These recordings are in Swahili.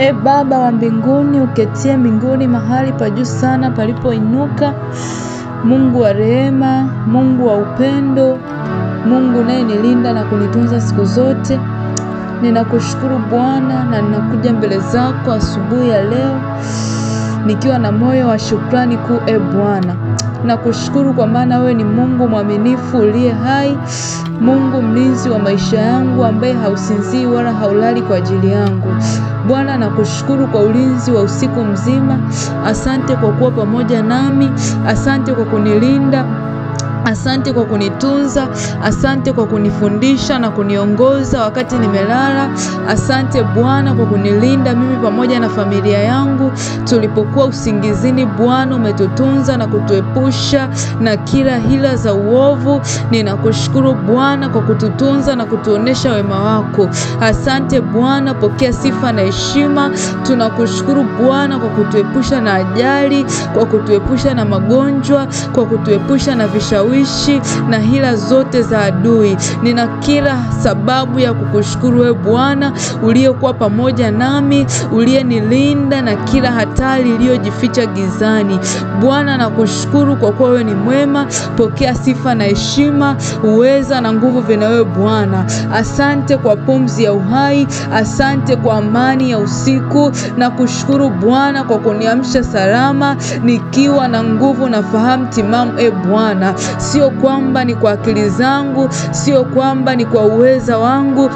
E Baba wa mbinguni, uketie mbinguni mahali pa juu sana palipoinuka, Mungu wa rehema, Mungu wa upendo, Mungu nilinda na kunitunza siku zote, ninakushukuru Bwana na ninakuja mbele zako asubuhi ya leo nikiwa na moyo wa shukrani kuu, e Bwana na kushukuru kwa maana wewe ni Mungu mwaminifu uliye hai, Mungu mlinzi wa maisha yangu, ambaye hausinzii wala haulali kwa ajili yangu. Bwana, nakushukuru kwa ulinzi wa usiku mzima. Asante kwa kuwa pamoja nami, asante kwa kunilinda Asante kwa kunitunza, asante kwa kunifundisha na kuniongoza wakati nimelala. Asante Bwana kwa kunilinda mimi pamoja na familia yangu tulipokuwa usingizini. Bwana umetutunza na kutuepusha na kila hila za uovu. Ninakushukuru Bwana kwa kututunza na kutuonesha wema wako. Asante Bwana, pokea sifa na heshima. Tunakushukuru Bwana kwa kutuepusha na ajali, kwa kutuepusha na magonjwa, kwa kutuepusha na vishawishi vishawishi na hila zote za adui. Nina kila sababu ya kukushukuru wewe Bwana uliyekuwa pamoja nami, uliyenilinda na kila hatari iliyojificha gizani. Bwana, nakushukuru kwa kuwa wewe ni mwema. Pokea sifa na heshima, uweza na nguvu vina wewe Bwana. Asante kwa pumzi ya uhai, asante kwa amani ya usiku. Nakushukuru Bwana kwa kuniamsha salama nikiwa na nguvu na fahamu timamu, e Bwana sio kwamba ni kwa akili zangu, sio kwamba ni kwa uweza wangu,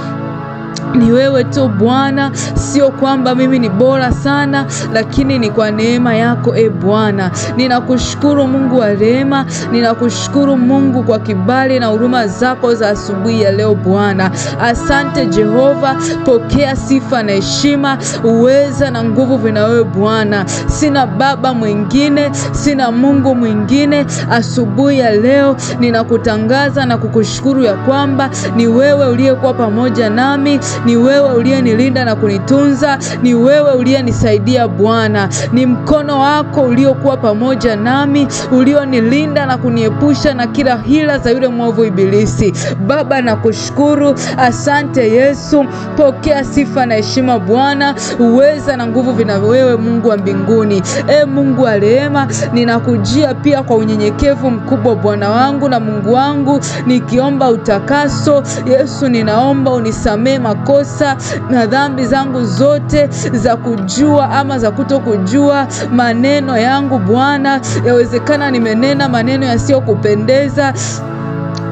ni wewe tu Bwana, sio kwamba mimi ni bora sana, lakini ni kwa neema yako e Bwana. Ninakushukuru Mungu wa rehema, ninakushukuru Mungu kwa kibali na huruma zako za asubuhi ya leo Bwana. Asante Jehova, pokea sifa na heshima, uweza na nguvu vina wewe Bwana. Sina baba mwingine, sina Mungu mwingine. Asubuhi ya leo ninakutangaza na kukushukuru ya kwamba ni wewe uliyekuwa pamoja nami ni wewe uliyenilinda na kunitunza, ni wewe uliyenisaidia Bwana. Ni mkono wako uliokuwa pamoja nami, ulionilinda na kuniepusha na kila hila za yule mwovu Ibilisi. Baba, nakushukuru, asante Yesu. Pokea sifa na heshima Bwana, uweza na nguvu vina wewe, Mungu wa mbinguni. E Mungu wa rehema, ninakujia pia kwa unyenyekevu mkubwa, Bwana wangu na Mungu wangu, nikiomba utakaso. Yesu, ninaomba unisamehe makosa makosa na dhambi zangu zote za kujua ama za kutokujua, maneno yangu Bwana, yawezekana nimenena maneno yasiyokupendeza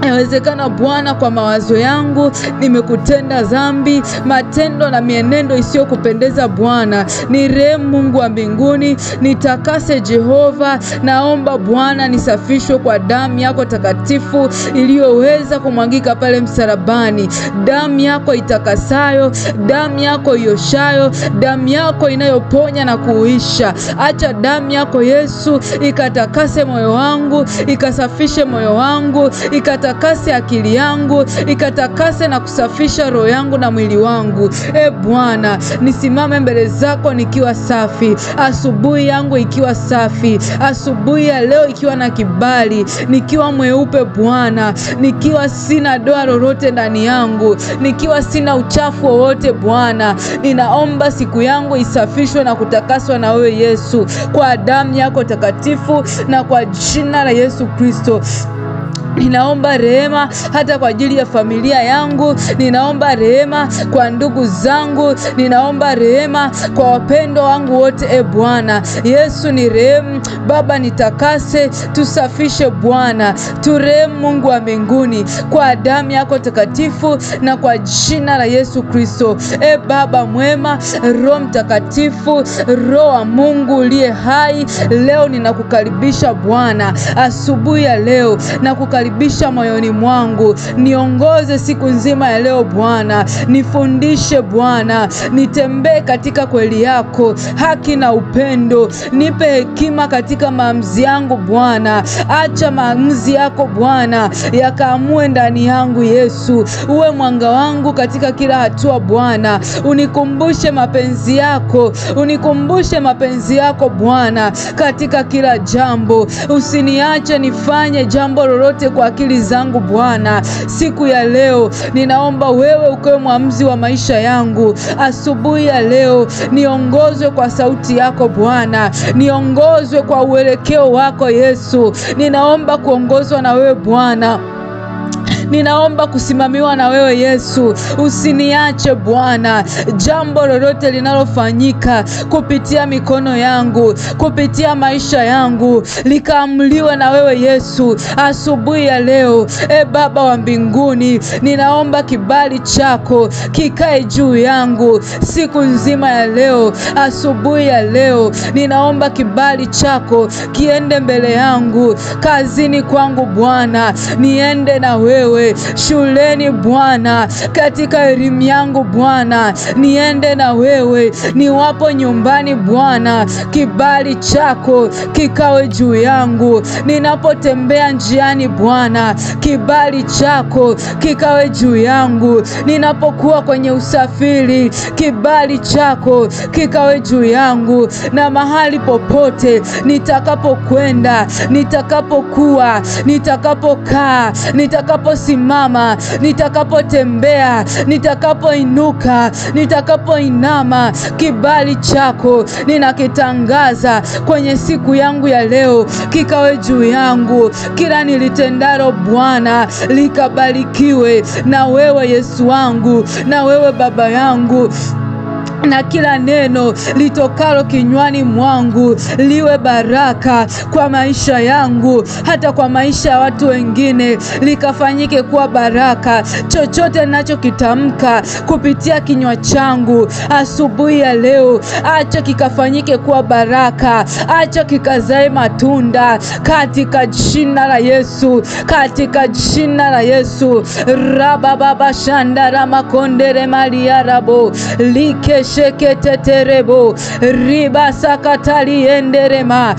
Yawezekana Bwana, kwa mawazo yangu nimekutenda dhambi, matendo na mienendo isiyokupendeza. Bwana ni rehemu Mungu wa mbinguni, nitakase Jehova. Naomba Bwana nisafishwe kwa damu yako takatifu iliyoweza kumwagika pale msalabani, damu yako itakasayo, damu yako ioshayo, damu yako inayoponya na kuuisha. Acha damu yako Yesu ikatakase moyo wangu, ikasafishe moyo wangu ikata ikatakase akili yangu, ikatakase na kusafisha roho yangu na mwili wangu. E Bwana, nisimame mbele zako nikiwa safi, asubuhi yangu ikiwa safi, asubuhi ya leo ikiwa na kibali, nikiwa mweupe Bwana, nikiwa sina doa lolote ndani yangu, nikiwa sina uchafu wowote Bwana, ninaomba siku yangu isafishwe na kutakaswa na wewe Yesu, kwa damu yako takatifu na kwa jina la Yesu Kristo. Ninaomba rehema hata kwa ajili ya familia yangu, ninaomba rehema kwa ndugu zangu, ninaomba rehema kwa wapendwa wangu wote. E Bwana Yesu ni rehemu Baba, nitakase tusafishe Bwana, turehemu Mungu wa mbinguni kwa damu yako takatifu na kwa jina la Yesu Kristo. E Baba mwema, Roho Mtakatifu, Roho wa Mungu uliye hai, leo ninakukaribisha Bwana asubuhi ya leo nakukaribisha ninakaribisha moyoni mwangu, niongoze siku nzima ya leo Bwana, nifundishe Bwana, nitembee katika kweli yako, haki na upendo, nipe hekima katika maamuzi yangu Bwana, acha maamuzi yako Bwana yakaamue ndani yangu Yesu, uwe mwanga wangu katika kila hatua Bwana, unikumbushe mapenzi yako, unikumbushe mapenzi yako Bwana katika kila jambo, usiniache nifanye jambo lolote kwa kwa akili zangu Bwana. Siku ya leo ninaomba wewe ukawe mwamuzi wa maisha yangu. Asubuhi ya leo niongozwe kwa sauti yako Bwana, niongozwe kwa uelekeo wako Yesu. Ninaomba kuongozwa na wewe Bwana. Ninaomba kusimamiwa na wewe Yesu, usiniache Bwana. Jambo lolote linalofanyika kupitia mikono yangu, kupitia maisha yangu, likaamliwe na wewe Yesu asubuhi ya leo. E Baba wa mbinguni, ninaomba kibali chako kikae juu yangu siku nzima ya leo. Asubuhi ya leo ninaomba kibali chako kiende mbele yangu, kazini kwangu Bwana, niende na wewe wewe shuleni Bwana, katika elimu yangu Bwana, niende na wewe, niwapo nyumbani Bwana, kibali chako kikawe juu yangu, ninapotembea njiani Bwana, kibali chako kikawe juu yangu, ninapokuwa kwenye usafiri, kibali chako kikawe juu yangu, na mahali popote nitakapokwenda, nitakapokuwa, nitakapokaa, nitakapo nitakaposimama, nitakapotembea, nitakapoinuka, nitakapoinama, kibali chako ninakitangaza kwenye siku yangu ya leo, kikawe juu yangu. Kila nilitendalo Bwana likabarikiwe na wewe Yesu wangu, na wewe Baba yangu na kila neno litokalo kinywani mwangu liwe baraka kwa maisha yangu, hata kwa maisha ya watu wengine, likafanyike kuwa baraka. Chochote ninachokitamka kupitia kinywa changu asubuhi ya leo, acha kikafanyike kuwa baraka, acha kikazae matunda katika jina la Yesu, katika jina la Yesu rabababashandarama makondere maliarabo like sheketeterebo ribasakatalienderema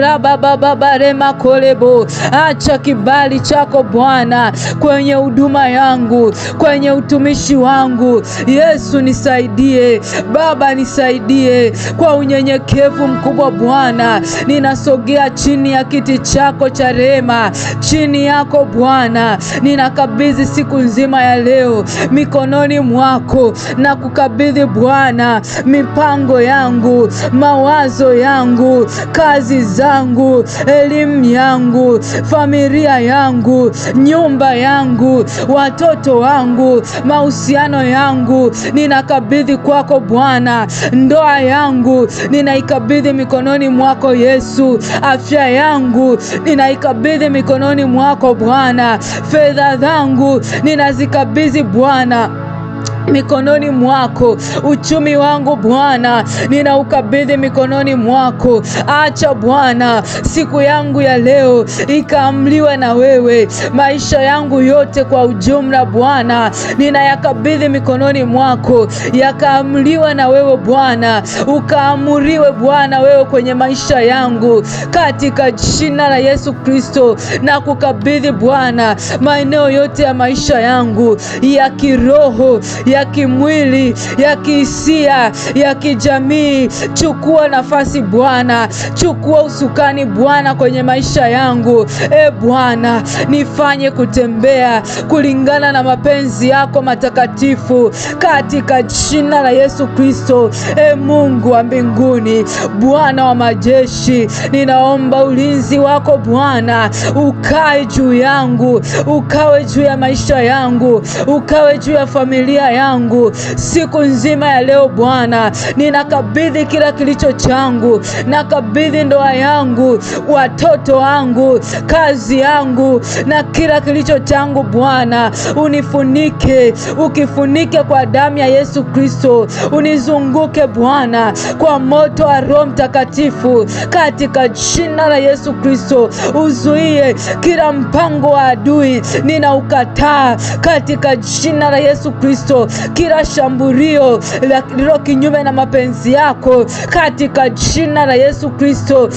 rabababarema kolebo. Acha kibali chako Bwana kwenye huduma yangu, kwenye utumishi wangu. Yesu nisaidie, Baba nisaidie kwa unyenyekevu mkubwa. Bwana ninasogea chini ya kiti chako cha rehema, chini yako Bwana ninakabidhi siku nzima ya leo mikononi mwako na kukabidhi Bwana Bwana, mipango yangu, mawazo yangu, kazi zangu, elimu yangu, familia yangu, nyumba yangu, watoto wangu, mahusiano yangu ninakabidhi kwako Bwana. Ndoa yangu ninaikabidhi mikononi mwako Yesu. Afya yangu ninaikabidhi mikononi mwako Bwana. Fedha zangu ninazikabidhi Bwana mikononi mwako. Uchumi wangu Bwana ninaukabidhi mikononi mwako. Acha Bwana siku yangu ya leo ikaamliwa na wewe. Maisha yangu yote kwa ujumla Bwana ninayakabidhi mikononi mwako, yakaamliwa na wewe Bwana, ukaamuriwe Bwana wewe kwenye maisha yangu, katika jina la Yesu Kristo na kukabidhi Bwana maeneo yote ya maisha yangu ya kiroho ya kimwili, ya kihisia, ya kijamii. Chukua nafasi Bwana, chukua usukani Bwana kwenye maisha yangu. E Bwana, nifanye kutembea kulingana na mapenzi yako matakatifu katika jina la Yesu Kristo. E Mungu wa mbinguni, Bwana wa majeshi, ninaomba ulinzi wako Bwana ukae juu yangu, ukawe juu ya maisha yangu, ukawe juu ya familia yangu yangu siku nzima ya leo Bwana, ninakabidhi kila kilicho changu, nakabidhi ndoa yangu, watoto wangu, kazi yangu na kila kilicho changu Bwana, unifunike ukifunike kwa damu ya Yesu Kristo, unizunguke Bwana kwa moto wa Roho Mtakatifu katika jina la Yesu Kristo, uzuie kila mpango wa adui, ninaukataa katika jina la Yesu Kristo kila shambulio lililo kinyume na mapenzi yako katika jina la Yesu Kristo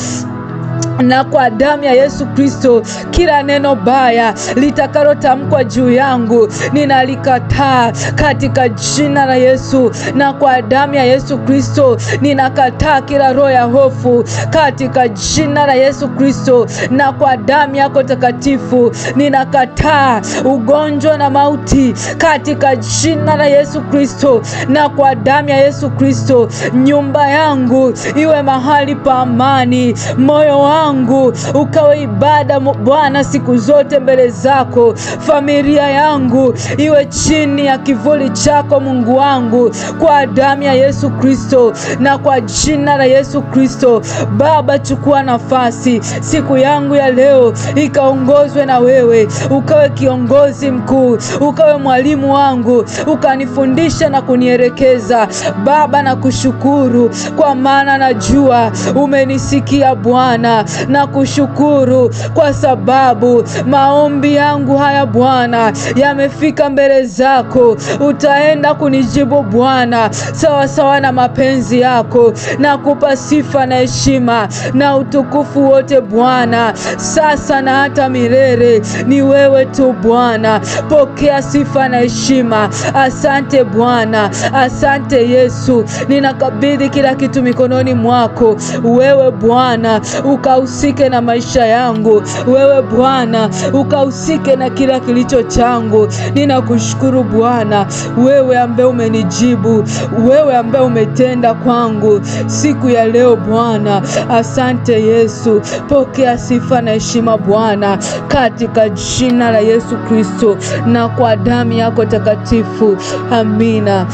na kwa damu ya Yesu Kristo, kila neno baya litakalotamkwa juu yangu ninalikataa katika jina la Yesu, na kwa damu ya Yesu Kristo ninakataa kila roho ya hofu katika jina la Yesu Kristo, na kwa damu yako takatifu ninakataa ugonjwa na mauti katika jina la Yesu Kristo, na kwa damu ya Yesu Kristo nyumba yangu iwe mahali pa amani, moyo wangu yangu ukawe ibada Bwana siku zote mbele zako. Familia yangu iwe chini ya kivuli chako Mungu wangu, kwa damu ya Yesu Kristo na kwa jina la Yesu Kristo. Baba, chukua nafasi siku yangu ya leo, ikaongozwe na wewe, ukawe kiongozi mkuu, ukawe mwalimu wangu, ukanifundisha na kunielekeza. Baba, na kushukuru kwa maana najua umenisikia Bwana, na kushukuru kwa sababu maombi yangu haya Bwana yamefika mbele zako, utaenda kunijibu Bwana sawasawa na mapenzi yako. na kupa sifa na heshima na utukufu wote Bwana, sasa na hata milele. Ni wewe tu Bwana, pokea sifa na heshima. Asante Bwana, asante Yesu. Ninakabidhi kila kitu mikononi mwako wewe Bwana uka ukahusike na maisha yangu, wewe Bwana ukahusike na kila kilicho changu. Ninakushukuru Bwana, wewe ambaye umenijibu, wewe ambaye umetenda kwangu siku ya leo Bwana. Asante Yesu, pokea sifa na heshima Bwana, katika jina la Yesu Kristo na kwa damu yako takatifu. Amina.